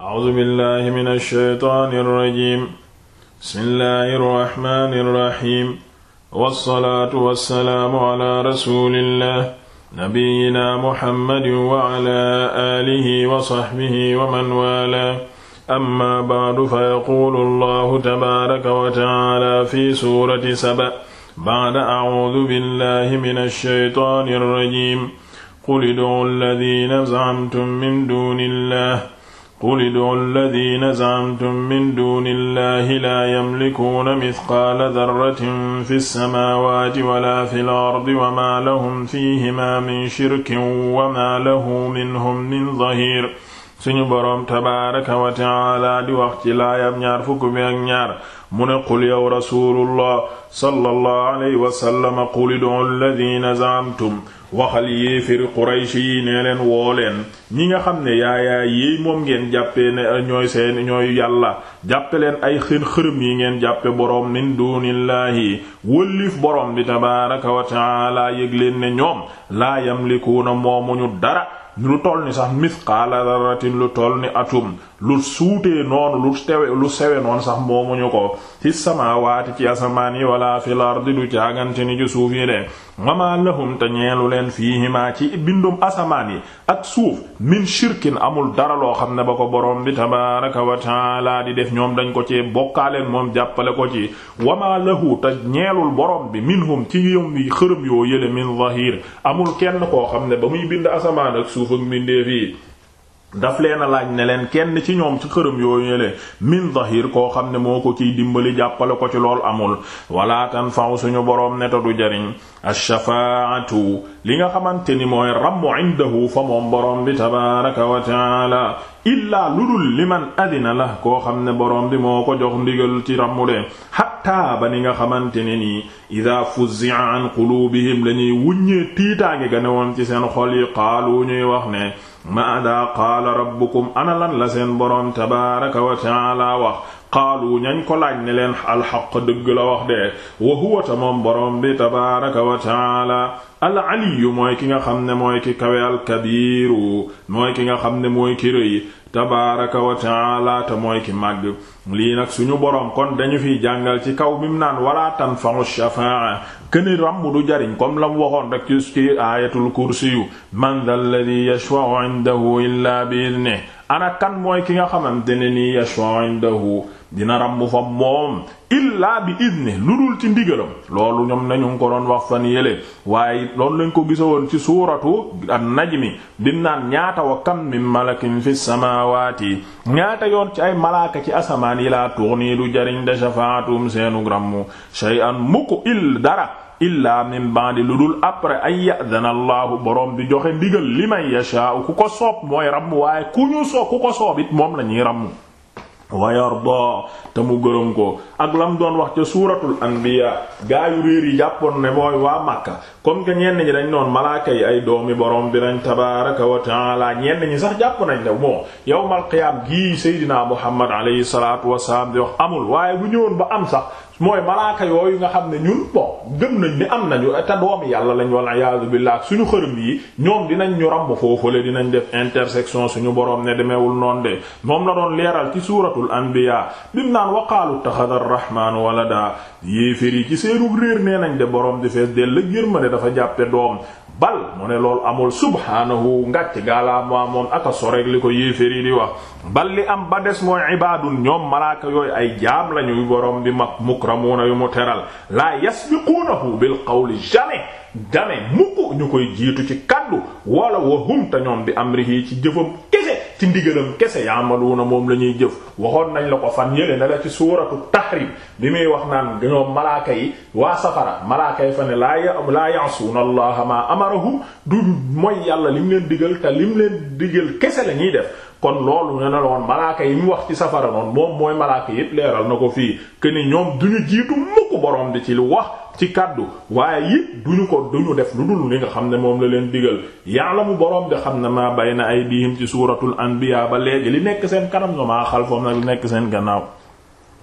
A'uuzu billaahi mina shaytaani rajiim bismillaahi rahmaani rahiim wassalaatu wassalaamu alaa rasuulillaah nabiyyinaa Muhammadin wa alaa aalihi wa sahbihi wa man waalaa amma ba'du fa yaquulu Allaahu tabaaraka wa ta'aalaa fi suurati Saba ba'da a'uuzu billaahi mina shaytaani rajiim qul ud'u allaziina za'amtum min duuni Allaah qul id'u alladhina za'amtum min duni illahi la yamlikuuna mithqaala dharratin fi ssamawati wala fi l ardi wa ma lahum fihima min shirkin wa ma lahu minhum min dhahir suñu boroom tabaaraka wa ta'aala di wax ci laayam ñaar fukk bi ak ñaar mu ne qul yow rasuulullah sallallahu alayhi wa sallam qul ud'u alladhiina za'amtum waxal yéeféri quraysh yi nee leen woo leen ñi nga xam ne yaayaa yéey moom ngeen jàppee ne ñooy seen ñooy yàlla jàppe leen ay xën xërëm yi ngeen jàppe boroom min dunillahi wëllif boroom bi tabaaraka wa ta'aala yëg leen ne ñoom laa yamlikuuna moomuñu dara lu toll ni sax mithqaala daratin lu toll ni atum lu suutee noonu lu lu sewe noonu sax moomuñu ko ci samaawaati ci asamaan yi wala fil ardi du caagante ni ci suuf yi de wama lahum te ñeelu leen fiihimaa ci bindum asamaan yi ak suuf min shirkin amul dara loo xam ne ba ko borom bi tabaaraka wa di def ñoom dañ ko ci bokkaaleen moom jàppale ko ci wama lahu te ñeelul borom bi minhum ci yom yi xërëm yoo yële min zahir amul kenn koo xam ne ba muy bind asamaan ak suuf ak mbindeef yi daf leen laaj ne leen kenn ci ñoom ci xërëm yooyu le min zahir koo xam ne moo ko ciy dimbali jàppale ko ci lool amul wala tan faw suñu boroom neta du jariñ ash-shafaatu li nga xamante ni mooy rammu indahu fa moom boroom bi tabaraka wa taala illaa li man adina la koo xam ne borom bi moo ko jox ndigal ci rammu de xattaa ba ni nga xamante ne nii ida fuzzi'a an quluubihim lañuy wuññee tiitaange ga newoon ci seen xol yi qaalu ñuy wax ne ma ada qaala rabbukum ana lan la seen boroom tabaaraka wa taala wax qaalu ñañ ko laaj ne leen alxaq dëgg la wax de wa huwa ta moom borom bi tabaaraka wa taala al aliyu mooy ki nga xam ne mooy ki kawe al kabiiru mooy ki nga xam ne mooy ki rëy tabaaraka wa taala te mooy ki màgg lii nag suñu borom kon dañu fiy jàngal ci kaw bim naan wala tanfa'u shafaa këni ràmm du jariñ comme la mu waxoon rek ci ayatul kursi yu man dal ladhi yashfa'u 'indahu illa bi idnihi ana kan mooy ki nga xamante ne nii yashfa'u indahu dina ràmm fa moom illaa bi idni lu dul ci ndigalam loolu ñoom nañu ngi ko doon wax fan yéle waaye loolu lañ ko gisa woon ci suuratu an-najmi di naan ñaata wa kam min malakin fi samaawaati ñaata yoon ci ay malaaka ci asamaan yi laa tughni du jariñ de shafaatum seenu grammu an mukk il dara illaa min ba'di lu dul après an ya'dana allahu borom bi joxe ndigal li man yashaa'u ku ko soob mooy ramm waaye ku ñu soob ku ko soob moom la ñuy ramm wa yarda te mu gërëm ko ak lam doon wax ca suuratul anbiya gaayu réer yi jàppoon ne mooy waa Makka comme que ñenn ñi dañ doon malaaka yi ay doomi boroom bi nañ tabaaraka wa taala ñenn ñi sax jàpp nañ ne bon yawmal qiyaam gii Seydina Muhammad alayhi salaatu wa salaam di wax amul waaye bu ñëwoon ba bon gëm nañ ni am nañu te doomi yàlla lañ wala iyaazu billaah suñu xërëm yi ñoom dinañ ñu ramb foofule dinañ def intersection suñu boroom ne demeewul noon de moom la doon leeral ci suuratul anbiyaa bim naan waqaalu taxada raxmaanu walada yéefér yi ci seenu réer nee nañ de boroom di fees del la ma ne dafa jàppe doom bal mu ne loolu amul subhaanahu ngàcc gaalaamaa moom aka sorek li ko yéeféri di wax bal li am ba des mooy ibaadun ñoom malaaka yooyu ay jaam lañuy borom bi mag mukramuuna yu mu teral laa yasbiquunahu bil qawli jamais jamais mukk ñu koy jiitu ci kàddu wala wahum te ñoom bi amrihi ci jëfam ci ndigalam kese yaamaluuna moom la ñuy jëf waxoon nañ la ko fan yële na la ci suuratu tahrim bi muy wax naan ñoom malaaka yi waa safara malaaka yi fa ne laa ya laa ya'suuna allaha ma amarahu du mooy yàlla li lim leen digal te li mu leen digal kese la def kon loolu ne na woon malaaka yi mu wax ci safara noonu moom mooy malaaka yépp leeral na ko fii que ni ñoom duñu jiitu mukk borom di ci lu wax ci kàddu waaye it duñu ko duñu def lu dul li nga xam ne moom la leen digal mu boroom bi xam ne maa ay aydihim ci suuratul anbiya ba léegi li nekk seen kanam no maa xalfahum nag li nekk seen gannaaw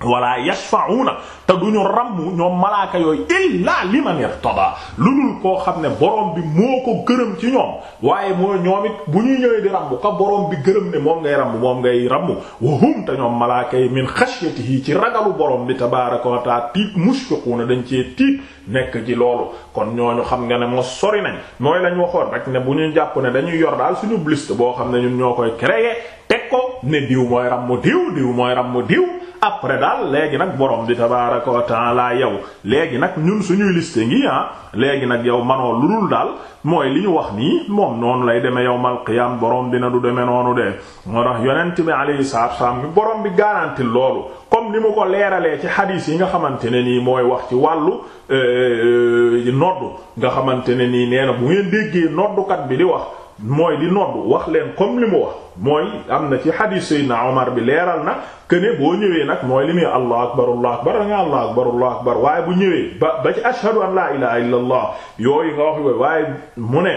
wala yashfa'una te duñu rammu ñoom malaaka yooyu illa liman irtada lu dul koo xam ne borom bi moo ko gërëm ci ñoom waaye mooy ñoom it bu ñuy ñëwee di rammu ka borom bi gërëm ne moom ngay rammu moom ngay rammu wa hum te ñoom malaaka yi min xashyatihi ci ragalu borom bi tabaaraka wa ta'ala tiit ne dañ cee tiit nekk ci loolu kon ñu xam nga ne moo sori nañ mooy lañ waxoon rek ne bu ñu jàpp ne dañuy yor daal suñu liste boo xam ne ñun ñoo koy créer teg ko ne diw mooy rammu diw diw mooy rammu diw après daal léegi nag borom bi tabaaraka wa taala yow léegi nag ñun suñuy liste ngi ah léegi nag yow manoo lu dul daal mooy li ñu wax nii moom noonu lay demee yawmal qiyaam borom dina du demee noonu de moo tax yonent bi alayhi salaatu wassalaam bi borom bi garanti loolu comme ni mu ko leeralee ci xadiis yi nga xamante ne nii mooy wax ci wàllu euh, noddu nga xamante ne nii nee bu ngeen déggee noddukat bi di wax. mooy di nodd wax leen comme li mu mooy am na ci xadiis Seydina Omar bi leeral na këne boo ñëwee nag mooy li muy allah akbar allah akbar danga allah akbar allah akbar waaye bu ñëwee ba ba ci ashhadu an laa ilaaha illallah yooyu nga wax yooyu mu ne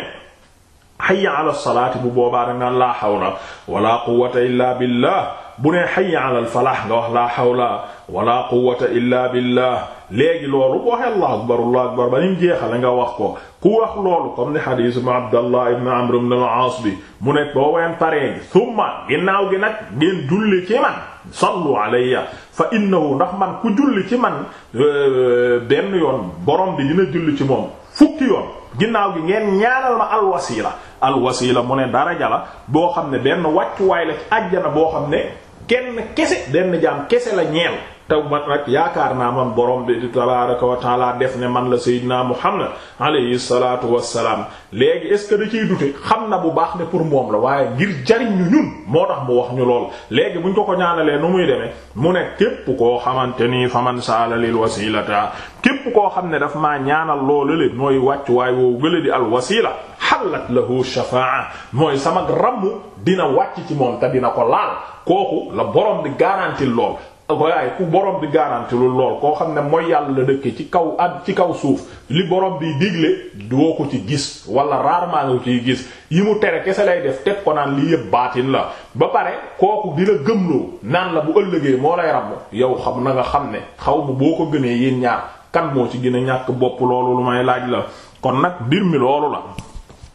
hayya ala salaati bu boobaa da nga laa hawla wala quwwata illa billah bu nee hayya ala falah nga wax laa hawla wala quwwata illa billah léegi loolu boo waxee allahu akbar allahu akbar ba ñu jeexale nga wax ko ku wax loolu comme ni xadiis ma abdallah ibn amr ibn al-aas bi mu ne boo ween paree gi summa ginnaaw gi nag ngeen julli ci man sallu alayya fa innahu ndax man ku julli ci man euh, benn yoon borom bi dina julli ci moom fukki yoon ginnaaw bi ngeen ñaanal ma alwasila alwasila mu ne daraja la boo xam ne benn wàccuwaay la ci àjjana boo xam ne kenn kese benn jaam kese la ñeel taw man nag yaakaar naa man borom di tabaaraka wa taala def ne man la Seydina Muhammad alayhi salaatu wassalaam léegi est ce que da ciy dute xam na bu baax ne pour moom la waaye ngir jariñ ñu ñun moo tax mu wax ñu lool léegi buñ ko ko ñaanalee nu muy demee mu ne képp koo xamante ni faman saala lil wasilata képp koo xam ne dafa ma ñaanal loolu le mooy wàccu waay woo gëla di al wasila xallat lahu shafaa mooy sama rammu dina wàcc ci moom te dina ko laal kooku la borom di garanti lool waaye ku borom bi garanti lu lool koo xam ne mooy yàlla la dëkke ci kaw at ci kaw suuf li borom bi digle doo ko ci gis wala rarement nga ko ciy gis yi mu tere kese lay def teg ko naan lii yëpp baatin la ba pare kooku di la gëmloo naan la bu ëllëgee moo lay ramm yow xam na nga xam ne xaw ma boo ko gënee yéen ñaar kan moo ci gën ñàkk bopp loolu lu may laaj la kon nag mbir mi loolu la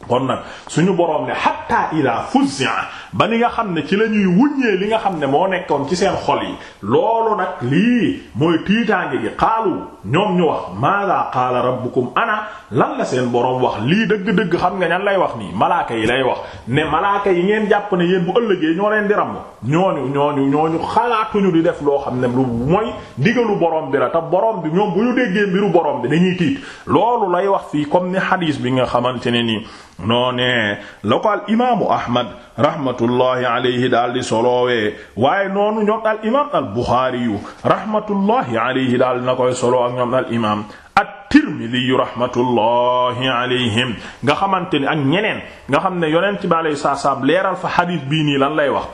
kon nag suñu boroom ne hatta ila fuzza ba ni nga xam ne ci la ñuy wuññee li nga xam ne moo nekkoon ci seen xol yi loolu nag lii mooy tiitaange gi xaalu ñoom ñu wax maada qaala rabbukum ana lan la seen boroom wax lii dëgg-dëgg xam nga ñan lay wax nii malaaka yi lay wax ne malaaka yi ngeen jàpp ne yéen bu ëllëgee ñoo leen di ñoo ñooñu ñoo ñu xalaatuñu di def loo xam ne lu mooy digalu boroom bi la te boroom bi ñoom bu ñu déggee mbiru boroom bi dañuy tiit loolu lay wax fii comme ni hadis bi nga xamante ne nii noonee la ko al imaamu ahmad rahmatullahi alayhi daal di solowee waaye noonu ñoom al imaam al buxaari yu rahmatullahi alayhi daal na koy solo ak ñoom al imaam at-Tirmidhi rahmatullahi alayhim nga xamante ni ak ñeneen nga xam ne yonent bi alayhi salaam leeral fa xadiis bii nii lan lay wax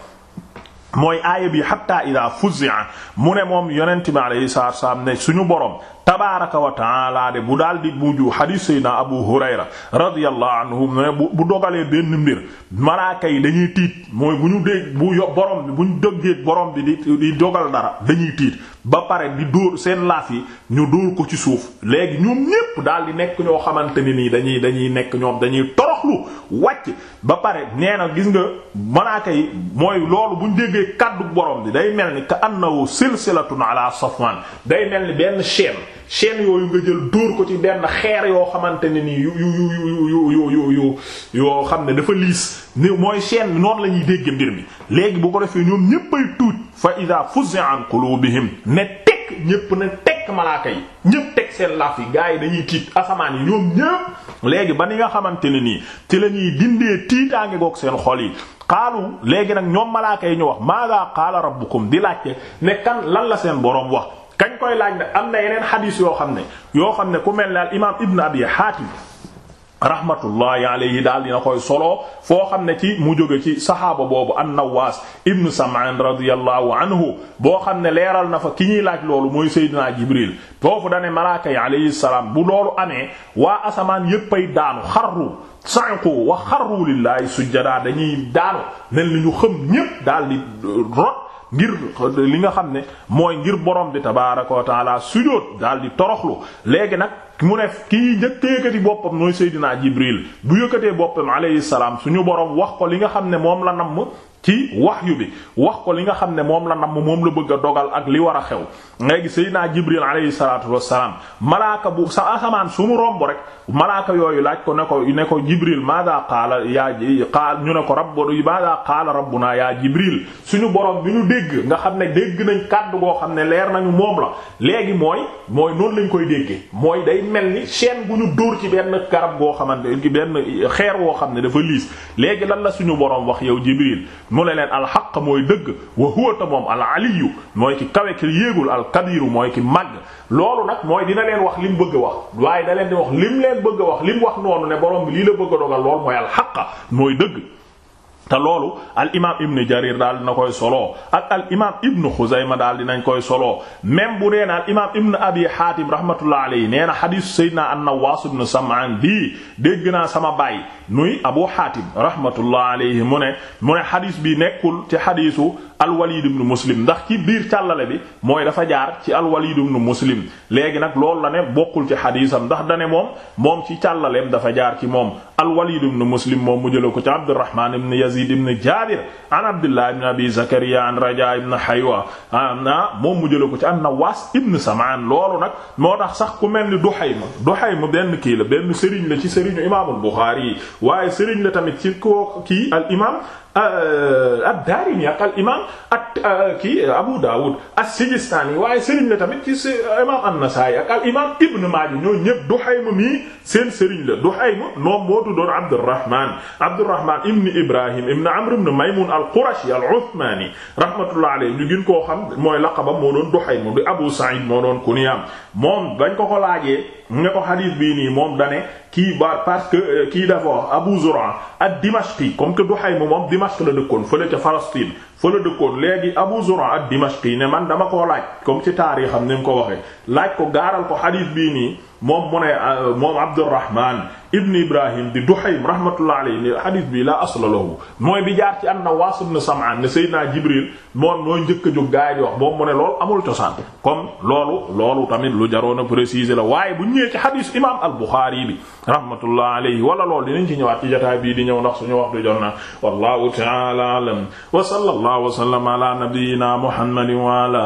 mooy aaya bi hatta ida fuz'a mu ne moom yonent bi alayhi salaam ne suñu borom tabaaraka wa taala de bu daal di buju hadith sayna abu hurayra radiyallahu anhu ne bu dogalee benn mbir malaaka yi dañuy tiit mooy bu ñu dégg bu yo borom bi bu ñu dëggee borom bi di di dogal dara dañuy tiit ba pare di dóor seen laaf yi ñu dóor ko ci suuf léegi ñoom ñépp daal di nekk ñoo xamante ni nii dañuy dañuy nekk ñoom dañuy toroxlu wàcc ba pare nee na gis nga malaaka yi mooy loolu bu ñu déggee kàddu borom bi day mel ni ka annahu silsilatun ala safwan day mel ni benn chaîne chaîne yooyu nga jël dóor ko ci benn xeer yoo xamante ne nii yu yu yu yu yu yu yoo xam ne dafa liis ni mooy chaîne noonu la ñuy dégg mbir mi léegi bu ko defee ñoom ñéppay tuuj fa ida fuzza an qulubihim ne tekk ñépp ne tekk malaaka yi ñépp teg seen laaf yi gars yi dañuy tiit asamaan yi ñoom ñépp léegi ba ni nga xamante ne nii ci la ñuy dindee tiitaange goog seen xol yi xaalu léegi nag ñoom malaaka yi ñu wax maaga qaala rabbukum di laajte ne kan lan la seen boroom wax kañ koy laaj nag am na yeneen xadiis yoo xam ne yoo xam ne ku mel ne al imaam Ibn Abi Haatim rahmatullahi alayhi daal dina koy solo foo xam ne ci mu jóge ci saxaaba boobu an-Nawaas ibn Sam'aan radiyallahu anhu boo xam ne leeral na fa ki ñuy laaj loolu mooy Seydina Jibril foofu dane malaaka yi salaam bu loolu amee waa asamaan yéppay daanu xarru sa'iqu wa xarru lillahi sujjadaa dañuy daanu nen li ñu xëm ñépp daal di rot ngir li nga xam ne mooy ngir borom bi tabaaraka wa taala sujóot daal di toroxlu léegi nag mu ne kii njëkk yëkkati boppam mooy Seydina Jibril bu yëkkatee boppam alayhi salaam suñu borom wax ko li nga xam ne moom la namm ci wax yu bi wax ko li nga xam ne moom la namm moom la bëgg a dogal ak li war a xew ngay gis Seydina Jibril alayhi salaatu wassalaam malaaka bu sa asamaan su romb rek malaaka yooyu laaj ko ne ko ne ko Jibril maadaa qaala yaa qaal ñu ne ko rabbu maadaa qaala rabbunaa yaa Jibril suñu borom bi ñu dégg nga xam ne dégg nañ kàdd goo xam ne leer nañu moom la léegi mooy mooy noonu lañ koy déggee mooy day mel ni chaîne bu ñu dóor ci benn garab goo xamante ci benn xeer woo xam ne dafa liis léegi lan la suñu boroom wax yow Jibril mu la leen alxaq mooy dëgg wa huwa ta moom al aliyu mooy ki kawe ki yéegul al kabiru mooy ki màgg loolu nag mooy dina leen wax li mu bëgg a wax waaye da leen di wax li mu leen bëgg a wax mu wax noonu ne boroom bi lii la bëgg a dogal lool mooy alxaq mooy dëgg te loolu al imaam ibn jarir daal dina koy soloo ak al imaam ibn xuzayma daal dinañ koy soloo même bu dee ne al imaam ibn abi xaatim rahmatullah alayhi nee na xadiisu sayyidina an-nawaas ibn sam'aan bii dégg naa sama baay nuy abu xaatim rahmatullah alayhi mu ne mu ne xadiis bi nekkul ci xadiisu al-waliid ibn muslim ndax ci biir càllale bi mooy dafa jaar ci al-waliid ibn muslim léegi nag loolu la ne bokkul ci xadiisam ndax da moom moom ci càllaleem dafa jaar ci moom al-waliid ibn muslim moom mu jëla ko ci abdurrahmaan Yazid ibn Jaabir an Abdullah ibn Abi Zakariya an Rajaa ibn Haywa ana moom mu jëla ko ci an-Nawaas ibn Samaan loolu nag moo tax sax ku mel ni Duhayma Duhayma benn kii la benn sëriñ la ci sëriñu imaamul Buxaari yi waaye sëriñ la tamit ci koo kii al imaam Ah, euh, ad-Daarimi ak al imaam ak euh, kii Abu Daawud as-Sijistaani waaye sëriñ la tamit ci euh, imaam an-Nasaa'i ak al imaam Ibn Maaja ñoo ñëpp Duhaym mii seen sëriñ la Duhaym moom moo tuddoon Abdurrahmaan Abdurrahmaan ibn Ibrahim ibn Amr ibn Maymuun al-Qurashi al-Uthmaani rahmatullahi alayhi ñu gën koo xam mooy laqabam moo doon Duhaym di Abu Sa'iid moo doon kuniyaam moom bañ ko ko laajee nga ko hadiis bii nii moom dane kii ba parce que euh, kii dafa wax Abu Zur'a ad-Dimashqi comme que Duhaym moom Dimashq la dëkkoon fële ca Palestine fële dëkkoon léegi Abu Zur'a ad-Dimashqi ne man dama koo laaj comme ci taarixam ni mu ko waxee laaj ko gaaral ko xadiis bii nii. moom mu ne euh, moom Abdurrahman ibn Ibrahim di Duhaym rahmatullah alayhi ne hadith bi la asla lahu mooy bi jaar ci an-Nawaas ibn Sam'aan ne Seydina Jibril moom mooy njëkk a jóg gaay di wax moom mu ne amul cosaan comme loolu tamit lu jaroon a préciser la waaye bu ñëwee ci hadith imaam al-Bukhari bi rahmatullah alayhi wala loolu dinañ ci ñëwaat ci jotaay bii di ñëw ndax suñu waxtu jot na wallahu ta'ala a'lam wa sallallahu wa sallama ala nabiyyina Muhammadin wa ala